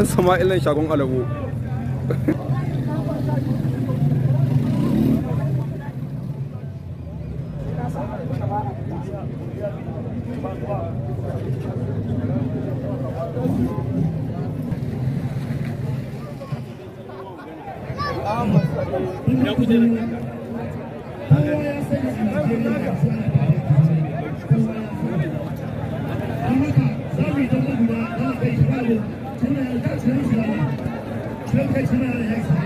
dan ilan shagon alabo Ya kujerar Thanks for that.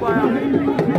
Wow.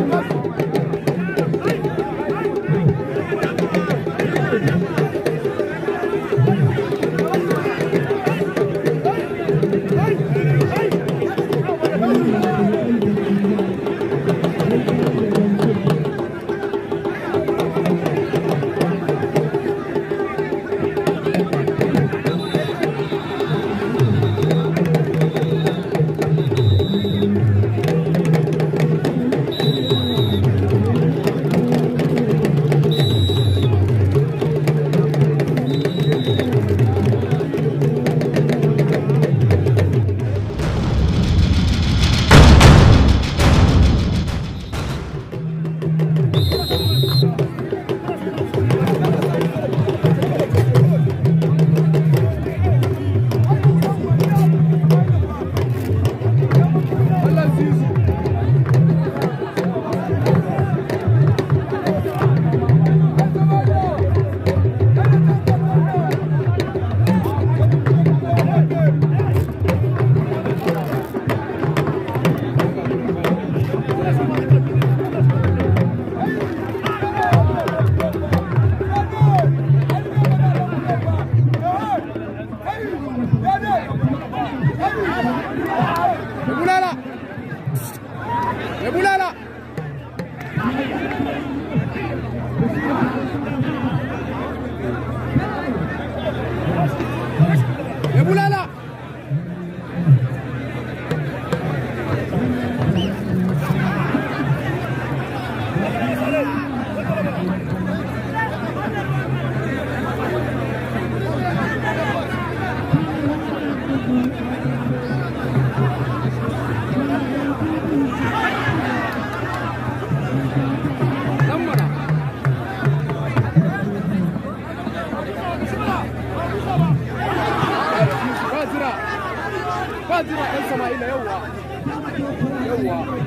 ¡Regular!